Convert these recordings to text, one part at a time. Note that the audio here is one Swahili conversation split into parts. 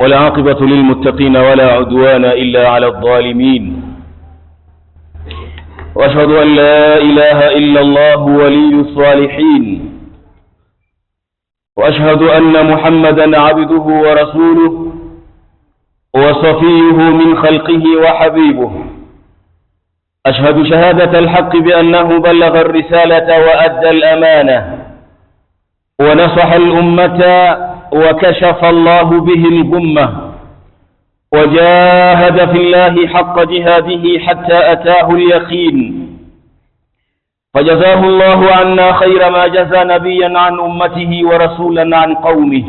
والعاقبة للمتقين ولا عدوان إلا على الظالمين وأشهد أن لا إله إلا الله ولي الصالحين وأشهد أن محمدا عبده ورسوله وصفيه من خلقه وحبيبه أشهد شهادة الحق بأنه بلغ الرسالة وأدى الأمانة ونصح الأمة وكشف الله به الغمة وجاهد في الله حق جهاده حتى أتاه اليقين فجزاه الله عنا خير ما جزى نبيا عن أمته ورسولا عن قومه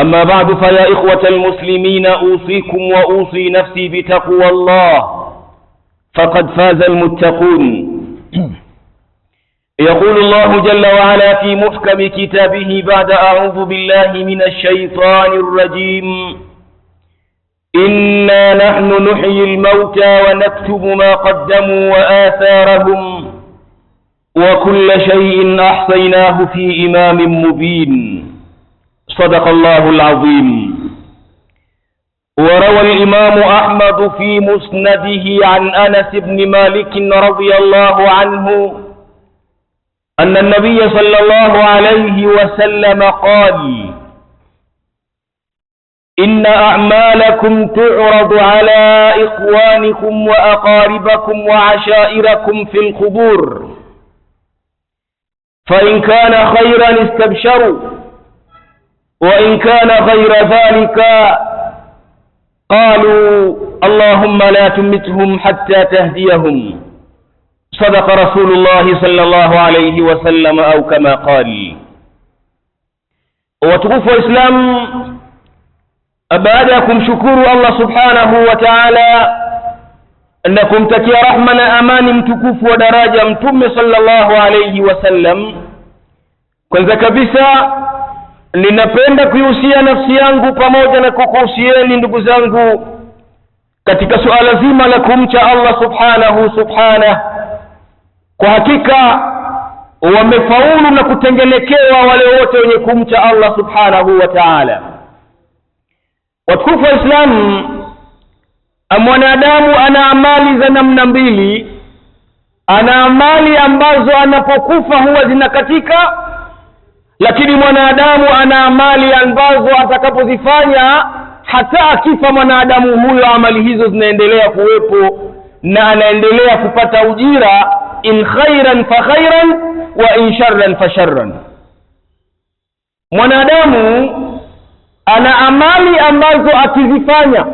أما بعد فيا إخوة المسلمين أوصيكم وأوصي نفسي بتقوى الله فقد فاز المتقون يقول الله جل وعلا في محكم كتابه بعد أعوذ بالله من الشيطان الرجيم إنا نحن نحيي الموتى ونكتب ما قدموا وآثارهم وكل شيء أحصيناه في إمام مبين صدق الله العظيم وروى الإمام أحمد في مسنده عن أنس بن مالك رضي الله عنه أن النبي صلى الله عليه وسلم قال إن أعمالكم تعرض على إخوانكم وأقاربكم وعشائركم في القبور فإن كان خيرا استبشروا وإن كان غير ذلك قالوا اللهم لا تمتهم حتى تهديهم صدق رسول الله صلى الله عليه وسلم أو كما قال وتقف إسلام أبادكم شكور الله سبحانه وتعالى أنكم تكي رحمنا أمان تكف ودراجة تم صلى الله عليه وسلم كنت كبسا لنبين كيوسيا نفسي أنكو فموجنا كوكوسيا لنبو زنكو كتك سؤال زيما لكم شاء الله سبحانه سبحانه kwa hakika wamefaulu na kutengenekewa wale wote wenye kumcha Allah subhanahu wa ta'ala. Watukufu wa Islamu, mwanadamu ana amali za namna mbili. Ana amali ambazo anapokufa huwa zinakatika, lakini mwanadamu ana amali ambazo atakapozifanya hata akifa mwanadamu huyo, amali hizo zinaendelea kuwepo na anaendelea kupata ujira in khairan fa khairan wa in sharran fa sharran. Mwanadamu ana amali ambazo akizifanya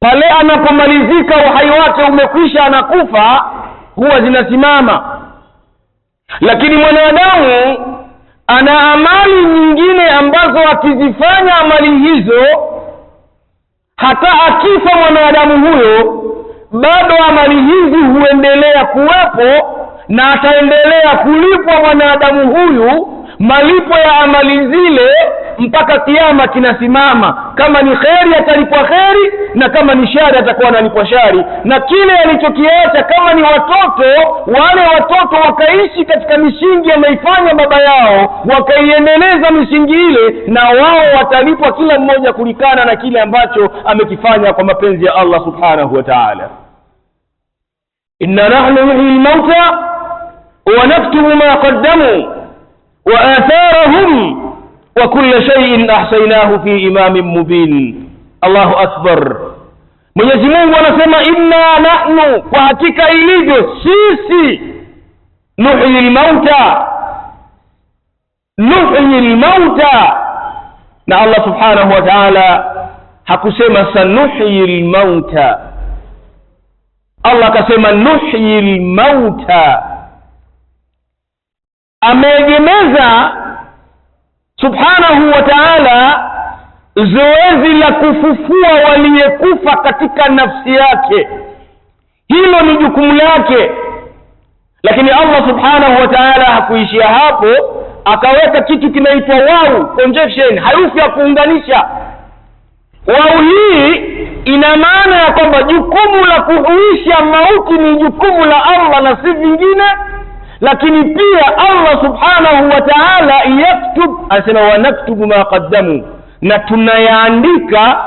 pale anapomalizika uhai wake umekwisha, anakufa, huwa zinasimama. Lakini mwanadamu ana amali nyingine ambazo akizifanya amali hizo, hata akifa mwanadamu huyo bado amali hizi huendelea kuwepo na ataendelea kulipwa mwanadamu huyu malipo ya amali zile mpaka kiama kinasimama kama ni kheri atalipwa kheri na kama ni shari atakuwa analipwa shari na kile alichokiacha kama ni watoto wale watoto wakaishi katika misingi ameifanya baba yao wakaiendeleza misingi ile na wao watalipwa kila mmoja kulikana na kile ambacho amekifanya kwa mapenzi ya allah subhanahu wa taala إنا نحن نحيي الموتى ونكتب ما قدموا وآثارهم وكل شيء أحصيناه في إمام مبين الله أكبر من يزمون ونسمى إنا نحن وحتك إليه سيسي نحيي الموتى نحيي الموتى نعم الله سبحانه وتعالى حكو سيما سنحيي الموتى allah akasema nuhyi lmauta ameegemeza subhanahu wa taala zoezi la kufufua waliyekufa katika nafsi yake hilo ni jukumu lake lakini allah subhanahu wa taala hakuishia hapo akaweka kitu kinaitwa wau conjunction harufu ya kuunganisha Wau hii ina maana ya kwamba jukumu la kuhuisha mauti ni jukumu la Allah na si vingine, lakini pia Allah subhanahu wa taala yaktub, anasema wanaktubu ma qaddamu, na tunayaandika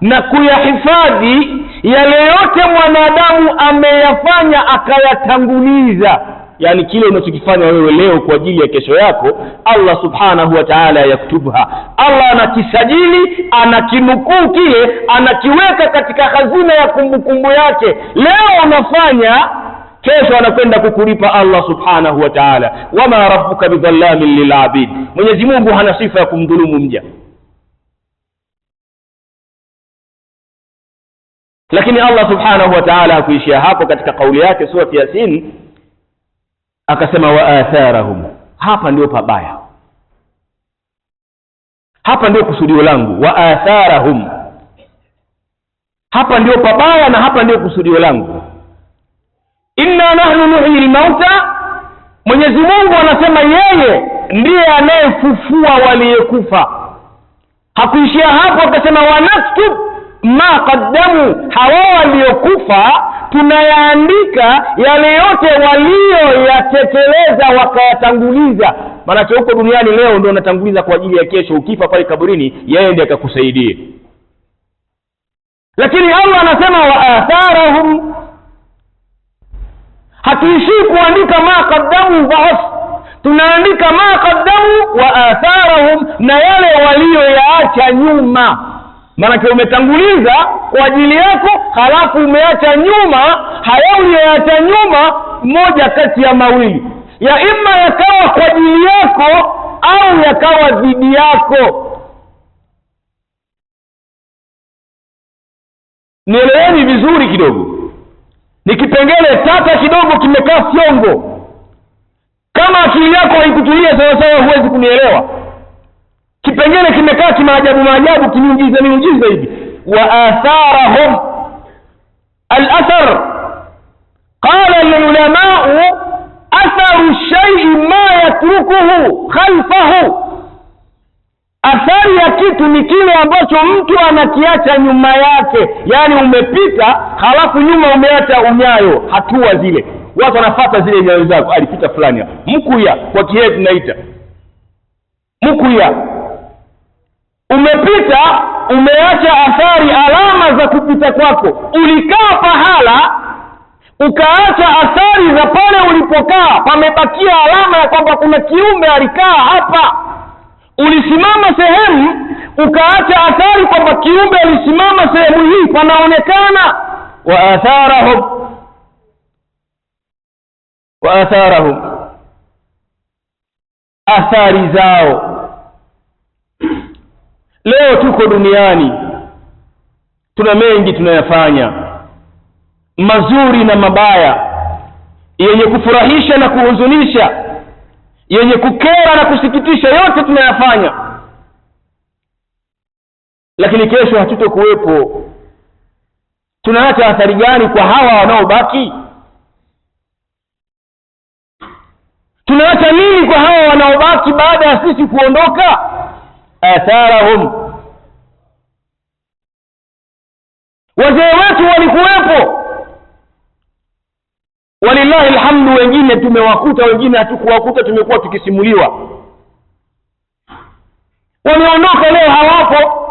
na kuyahifadhi yale yote mwanadamu ameyafanya akayatanguliza yani kile unachokifanya wewe leo kwa ajili ya kesho yako allah subhanahu wa taala yaktubha allah anakisajili anakinukuu kile anakiweka katika hazina ya kumbukumbu yake leo unafanya kesho anakwenda kukulipa allah subhanahu wa taala wama rabuka bidhallamin lilabid mwenyezi mungu hana sifa ya kumdhulumu mja lakini allah subhanahu wa taala hakuishia hapo katika kauli yake surati yasin akasema wa atharahum, hapa ndio pabaya, hapa ndio kusudio langu. Wa atharahum, hapa ndio pabaya na hapa ndio kusudio langu. Inna nahnu nuhyi lmauta, Mwenyezi Mungu anasema yeye ndiye anayefufua waliyekufa. Hakuishia hapo, akasema wanaktub ma qaddamu, hawa waliokufa tunayaandika yale yote waliyoyatekeleza wakayatanguliza maanake huko duniani leo ndio unatanguliza kwa ajili ya kesho ukifa pale kaburini yeye ndi akakusaidie lakini allah anasema waatharahum hatuishii kuandika ma qaddamu faafu tunaandika ma qaddamu wa atharahum na yale walioyaacha nyuma maanake umetanguliza kwa ajili yako halafu umeacha nyuma haya uliyoacha nyuma moja kati ya mawili ya ima yakawa kwa ajili yako au yakawa dhidi yako nieleweni vizuri kidogo ni kipengele tata kidogo kimekaa fyongo kama akili yako haikutulia sawasawa huwezi kunielewa kipengele kimekaa kimaajabu maajabu kimiujiza miujiza hivi wa atharahum alathar qala lulamau atharu shaii ma yatrukuhu khalfahu athari ya kitu ni kile ambacho mtu anakiacha nyuma yake yaani umepita halafu nyuma umeacha unyayo hatua zile watu wanafata zile nyayo zako alipita fulani mkuya kwa kihee tunaita mkuya umepita umeacha athari alama za kupita kwako ulikaa pahala ukaacha athari za pale ulipokaa pamebakia alama ya kwamba kuna kiumbe alikaa hapa ulisimama sehemu ukaacha athari kwamba kiumbe alisimama sehemu hii panaonekana wa atharahum wa atharahum athari zao Leo tuko duniani, tuna mengi tunayafanya, mazuri na mabaya, yenye kufurahisha na kuhuzunisha, yenye kukera na kusikitisha, yote tunayafanya, lakini kesho hatutokuwepo. Tunaacha athari gani kwa hawa wanaobaki? Tunaacha nini kwa hawa wanaobaki baada ya sisi kuondoka? atharahum wazee wetu walikuwepo walillahi alhamdu wengine tumewakuta wengine hatukuwakuta tumekuwa tukisimuliwa wameondoka leo hawapo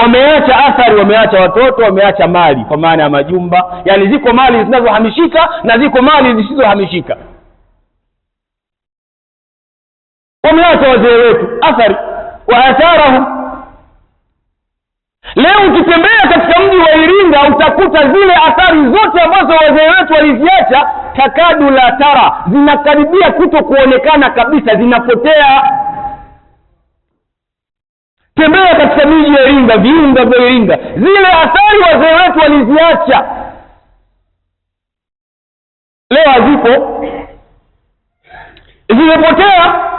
wameacha athari wameacha watoto wameacha mali kwa maana ya majumba yani ziko mali zinazohamishika na ziko mali zisizohamishika wameacha wazee wetu athari wa atharahum. Leo ukitembea katika mji wa Iringa utakuta zile athari zote ambazo wazee wetu waliziacha, takadu la tara, zinakaribia kuto kuonekana kabisa, zinapotea. Tembea katika miji ya Iringa, viunga vya Iringa, zile athari wazee wetu waliziacha leo hazipo, zimepotea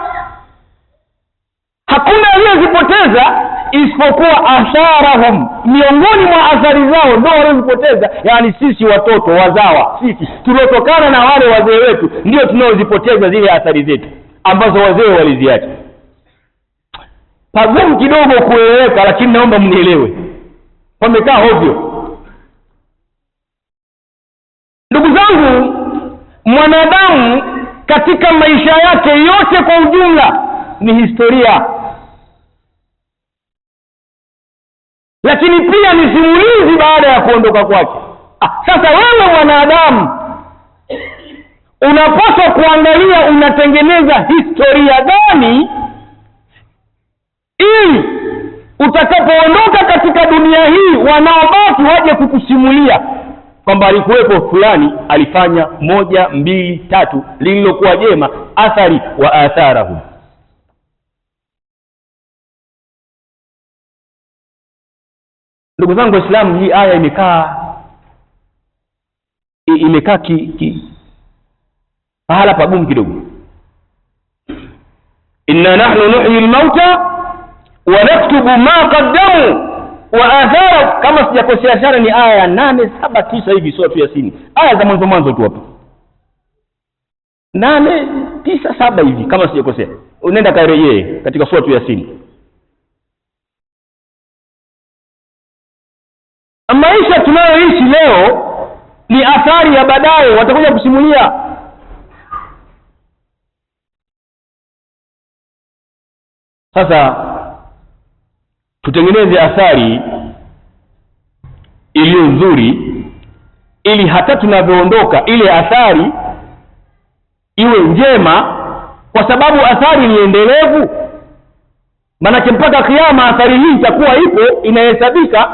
hakuna aliyezipoteza isipokuwa atharahum, miongoni mwa athari zao ndio waliozipoteza, yani sisi watoto wazawa, sisi tuliotokana na wale wazee wetu, ndio tunaozipoteza zile athari zetu ambazo wazee waliziacha. Pagumu kidogo kueleweka, lakini naomba mnielewe, pamekaa hovyo. Ndugu zangu, mwanadamu katika maisha yake yote kwa ujumla ni historia lakini pia ni simulizi baada ya kuondoka kwake. Ah, sasa wewe mwanadamu unapaswa kuangalia unatengeneza historia gani ili utakapoondoka katika dunia hii wanaobaki waje kukusimulia kwamba alikuwepo fulani alifanya moja mbili tatu lililokuwa jema, athari wa atharahum ndugu zangu waislamu hii aya imekaa imekaa ki, ki pahala pagumu kidogo inna nahnu nuhyi lmauta wa naktubu ma qaddamu wa athara kama sijakosea sana ni aya ya nane saba tisa hivi sura tu yasini aya za mwanzo mwanzo tu hapo nane tisa saba hivi kama sijakosea unaenda kairejee katika sura tu yasini maisha tunayoishi leo ni athari ya baadaye watakuja kusimulia sasa tutengeneze athari iliyo nzuri ili hata tunavyoondoka ile athari iwe njema kwa sababu athari ni endelevu maanake mpaka kiama athari hii itakuwa ipo inahesabika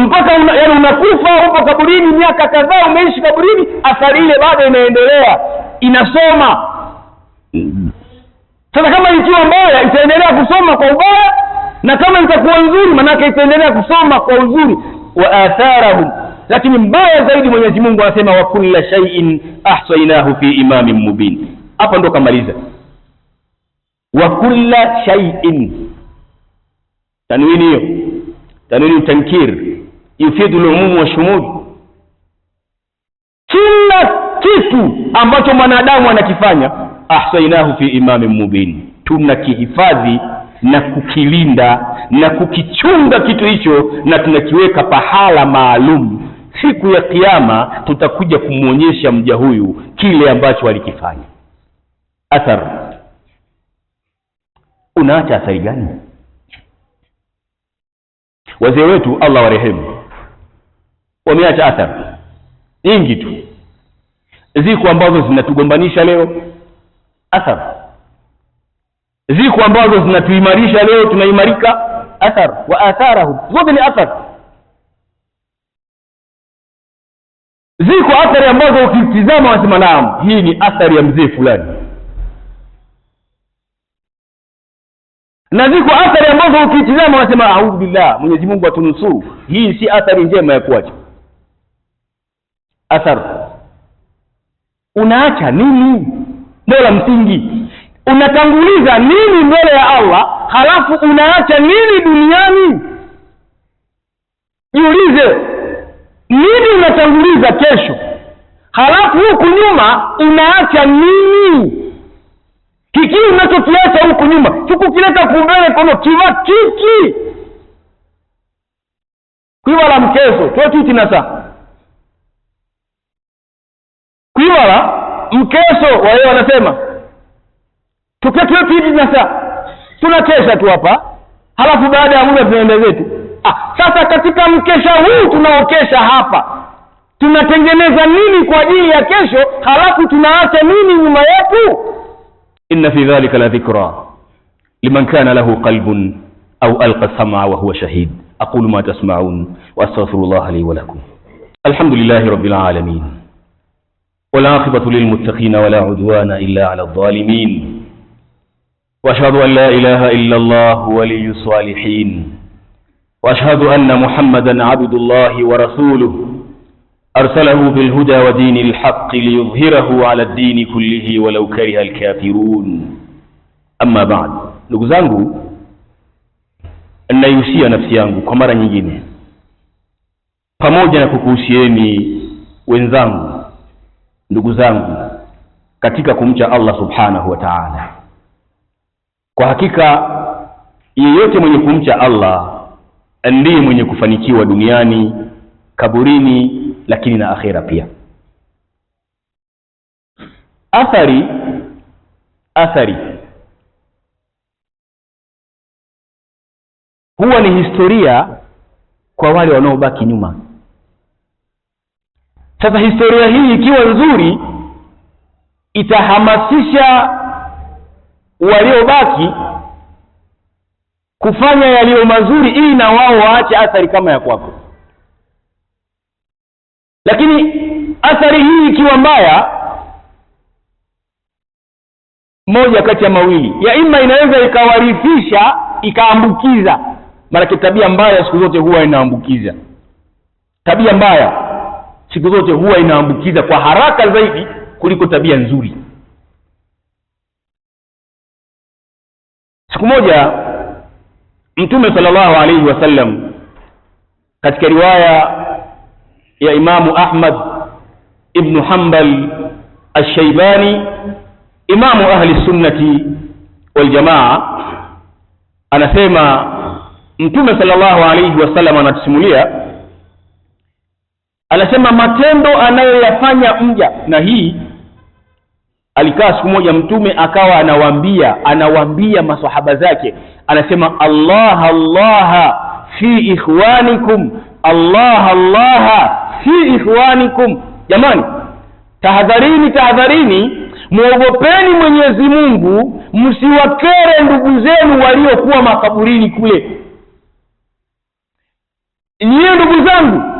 mpaka una, yani unakufa upo kaburini miaka kadhaa umeishi kaburini athari ile bado inaendelea inasoma sasa kama ikiwa mbaya itaendelea kusoma kwa ubaya na kama itakuwa nzuri manake itaendelea kusoma kwa uzuri wa atharahum lakini mbaya zaidi mwenyezi mungu anasema wa kulla shaiin ahsainahu fi imamin mubin hapa ndo kamaliza wa kulla shaiin tanwini hiyo tanwini utankir yufidu lumumu wa shumul, kila kitu ambacho mwanadamu anakifanya, ahsainahu fi imamin mubin, tunakihifadhi na kukilinda na kukichunga kitu hicho, na tunakiweka pahala maalum. Siku ya Kiyama tutakuja kumwonyesha mja huyu kile ambacho alikifanya. Athar, unaacha athari gani? Wazee wetu Allah warehemu wameacha athari nyingi tu ziko ambazo zinatugombanisha leo athari ziko ambazo zinatuimarisha leo tunaimarika athar wa atharahum zote ni athar ziko athari ambazo ukitizama wasema naam hii ni athari ya mzee fulani na ziko athari ambazo ukitizama wasema audhu billah mwenyezi mungu atunusuru hii si athari njema ya kuacha athar. Unaacha nini? Ndio la msingi. Unatanguliza nini mbele ya Allah, halafu unaacha nini duniani? Jiulize, nini unatanguliza kesho, halafu huku nyuma unaacha nini? Kiki unachokiacha huku nyuma kileta kumbele kono kiva kiki kwiva la mkeso totitinasa Kimara mkeso wa leo anasema tuketi wapi hivi sasa? Tunakesha tu hapa, halafu baada ya muda tunaenda zetu. Ah, sasa katika mkesha huu tunaokesha hapa tunatengeneza nini kwa ajili ya kesho, halafu tunaacha nini nyuma yetu? Inna fi dhalika la dhikra liman kana lahu qalbun au alqa sam'a wa huwa shahid. Aqulu ma tasma'un wa astaghfirullaha li wa lakum. Alhamdulillahi rabbil alamin والعاقبة للمتقين ولا عدوان إلا على الظالمين وأشهد أن لا إله إلا الله ولي الصالحين وأشهد أن محمدا عبد الله ورسوله أرسله بالهدى ودين الحق ليظهره على الدين كله ولو كره الكافرون أما بعد ndugu أن naihusia نفسي أنه كمرا mara فموجنا pamoja na ndugu zangu katika kumcha Allah subhanahu wa ta'ala. Kwa hakika yeyote mwenye kumcha Allah ndiye mwenye kufanikiwa duniani, kaburini, lakini na akhera pia. Athari athari huwa ni historia kwa wale wanaobaki nyuma sasa historia hii ikiwa nzuri, itahamasisha waliobaki kufanya yaliyo mazuri, ili na wao waache athari kama ya kwako. Lakini athari hii ikiwa mbaya, moja kati ya mawili, ya ima inaweza ikawarithisha, ikaambukiza. Maanake tabia mbaya siku zote huwa inaambukiza tabia mbaya siku zote huwa inaambukiza kwa haraka zaidi kuliko tabia nzuri siku moja mtume sallallahu alaihi wasallam katika riwaya ya imamu ahmad ibnu hambal alshaibani imamu ahli sunnati waljamaa anasema mtume sallallahu alaihi wasallam anatusimulia anasema matendo anayoyafanya mja na hii alikaa siku moja mtume akawa anawambia anawambia masahaba zake anasema allah allah fi ikhwanikum allah allah fi ikhwanikum jamani tahadharini tahadharini mwogopeni mwenyezi mungu msiwakere ndugu zenu waliokuwa makaburini kule niye ndugu zangu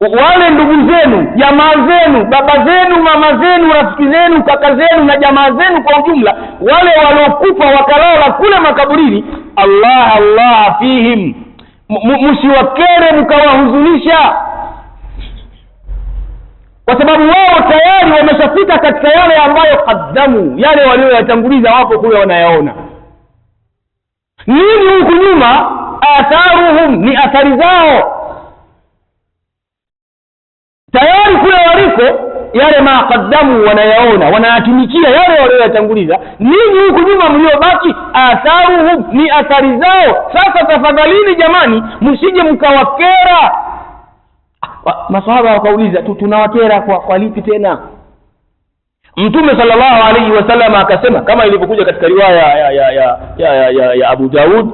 wale ndugu zenu jamaa zenu baba zenu mama zenu rafiki zenu kaka zenu na jamaa zenu kwa ujumla wale waliokufa wakalala kule makaburini allah allah fihim msiwakere mkawahuzunisha kwa sababu wao tayari wameshafika katika yale ambayo kaddamu yale walioyatanguliza wapo kule wanayaona nini huku nyuma atharuhum ni athari zao huko yale maqaddamu wanayaona wanayatumikia yale walioyatanguliza ninyi huku nyuma mliobaki atharuhum ni athari zao sasa tafadhalini jamani msije mkawakera ah, masahaba wakauliza tunawakera kwa, kwa lipi tena mtume salllahu alaihi wasallam akasema kama ilivyokuja katika riwaya ya, ya, ya, ya, ya, ya, ya abu daud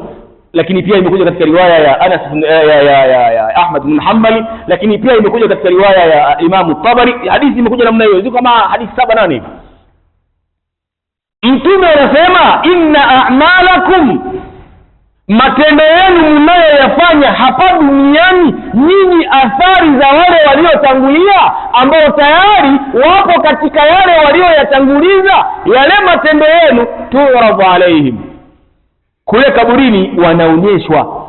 lakini pia imekuja katika riwaya ya Anas ibn eh, ya, ya, ya, Ahmad ibn Hanbal, lakini pia imekuja katika riwaya ya Imam Tabari hadithi imekuja namna hiyo ziko kama hadithi saba nane hivi Mtume anasema inna a'malakum matendo yenu mnayoyafanya hapa duniani nyinyi athari za wale waliotangulia ambao tayari wapo katika yale walioyatanguliza yale matendo yenu turadhu alaihim kule kaburini wanaonyeshwa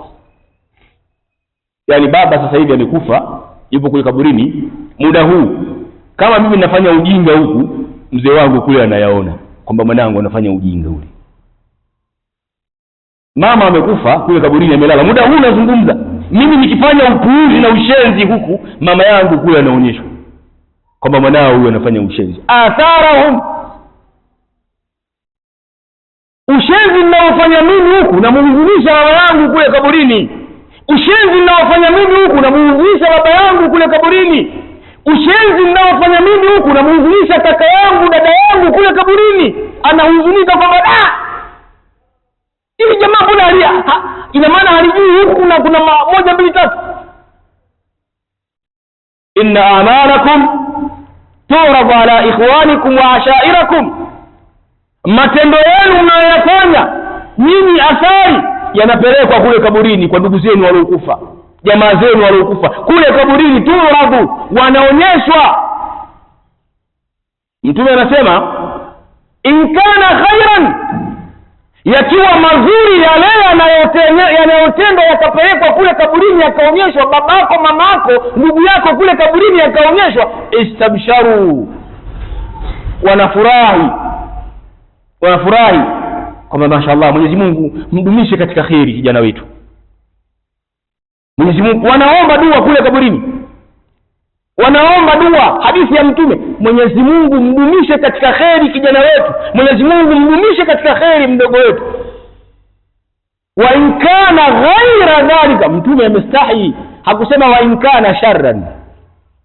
yaani baba sasa hivi amekufa yupo kule kaburini muda huu kama mimi nafanya ujinga huku mzee wangu kule anayaona kwamba mwanangu anafanya ujinga ule mama amekufa kule kaburini amelala muda huu nazungumza mimi nikifanya upuuzi na ushenzi huku mama yangu kule anaonyeshwa kwamba mwanao huyu anafanya ushenzi atharahum ushenzi mnaofanya mimi huku namuhuzunisha baba yangu kule kaburini ushenzi mnaofanya mimi huku namuhuzunisha baba yangu kule kaburini ushenzi mnaofanya mimi huku namuhuzunisha kaka yangu dada yangu kule kaburini anahuzunika kwamba da ili jamaa mbona alia ina maana halijui huku na kuna moja mbili tatu inna amanakum turadu ala ikhwanikum wa ashairakum matendo yenu mnayoyafanya nyinyi, athari yanapelekwa kule kaburini kwa ndugu zenu waliokufa, jamaa zenu waliokufa kule kaburini, turadhu, wanaonyeshwa. Mtume anasema inkana khairan, yakiwa mazuri yale yanayotendwa yakapelekwa kule kaburini yakaonyeshwa, babako, mamako, ndugu yako kule kaburini yakaonyeshwa, istabsharu, wanafurahi wanafurahi kwamba mashallah, Mwenyezi Mungu mdumishe katika kheri kijana wetu. Mwenyezi Mungu wanaomba dua kule kaburini, wanaomba dua. Hadithi ya Mtume, Mwenyezi Mungu mdumishe katika kheri kijana wetu, Mwenyezi Mungu mdumishe katika kheri mdogo wetu. Wa ghaira dhalika, Mtume amestahi hakusema wa in sharran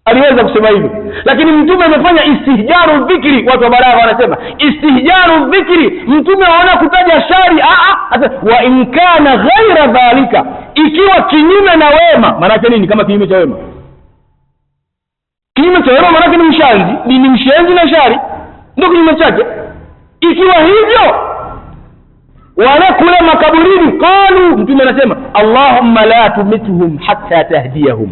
aliweza kusema hivyo lakini mtume amefanya istihjaru dhikri watu wa balagha wanasema istihjaru dhikri mtume aona kutaja shari wa inkana ghaira dhalika ikiwa kinyume na wema maanake nini kama kinyume cha wema kinyume cha wema maanake ni mshanzi ni mshenzi na shari ndo kinyume chake ikiwa hivyo wale kule makaburini kalu mtume anasema allahumma la tumithum hatta tahdiyahum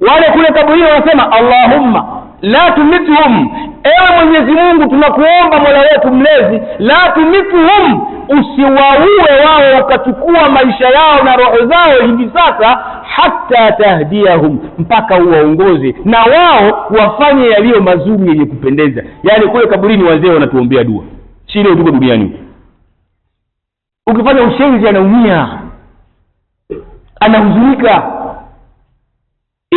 wale kule kaburini wanasema allahumma la tumithum ewe mwenyezi mungu tunakuomba mola wetu mlezi la tumithum usiwaue wao ukachukua maisha yao na roho zao hivi sasa hata tahdiahum mpaka uwaongoze na wao wafanye yaliyo mazuri yenye kupendeza yaani kule kaburini wazee wanatuombea dua si leo tuko duniani ukifanya ushenzi anaumia anahuzunika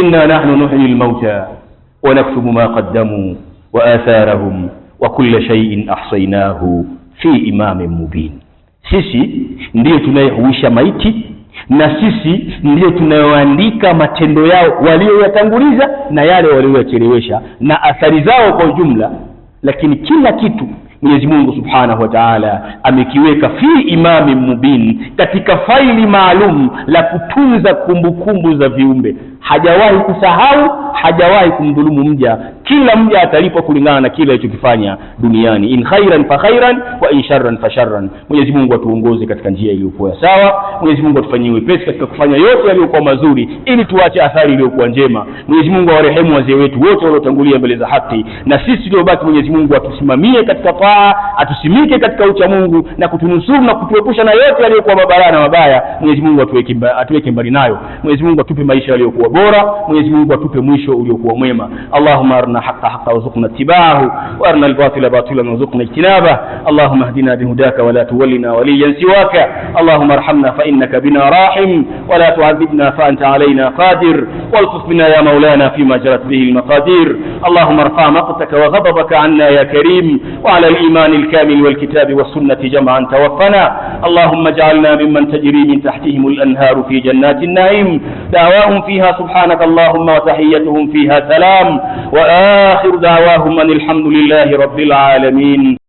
inna nahnu nuhyi lmauta wanaktubu ma qaddamu wa atharahum wa kulla shay'in ahsaynahu fi imamin mubin, sisi ndiyo tunayehuisha maiti na sisi ndiyo tunayoandika matendo yao walioyatanguliza na yale walioyachelewesha na athari zao kwa ujumla, lakini kila kitu Mwenyezi Mungu Subhanahu wa Ta'ala amekiweka fi imamin mubin, katika faili maalum la kutunza kumbukumbu za viumbe. Hajawahi kusahau, hajawahi kumdhulumu mja. Kila mja atalipwa kulingana na kile alichokifanya duniani. In khairan fa khairan wa in sharran fa sharran. Mwenyezi Mungu atuongoze katika njia iliyokuwa sawa. Mwenyezi Mungu atufanyie wepesi katika kufanya yote yaliyokuwa mazuri, ili tuache athari iliyokuwa njema. Mwenyezi Mungu awarehemu wazee wetu wote waliotangulia mbele za haki, na sisi tuliobaki, Mwenyezi Mungu atusimamie katika mabaya, atusimike katika ucha Mungu na kutunusuru na kutuepusha na yote yaliyokuwa mabaya na mabaya. Mwenyezi Mungu atuweke atuweke mbali nayo. Mwenyezi Mungu atupe maisha yaliyokuwa bora. Mwenyezi Mungu atupe mwisho uliokuwa mwema. Allahumma arina haqqa haqqa warzuqna ittiba'ahu wa al-batila batilan warzuqna ijtinaba. Allahumma ihdina bihudaka wa la tuwallina waliyan siwaka. Allahumma arhamna fa innaka bina rahim wa la tu'adhibna fa anta alayna qadir. والطف بنا يا مولانا فيما جرت به المقادير اللهم ارفع مقتك وغضبك عنا يا كريم وعلى الإيمان الكامل والكتاب والسنة جمعا توفنا اللهم اجعلنا ممن تجري من تحتهم الأنهار في جنات النعيم دعواهم فيها سبحانك اللهم وتحيتهم فيها سلام وآخر دعواهم أن الحمد لله رب العالمين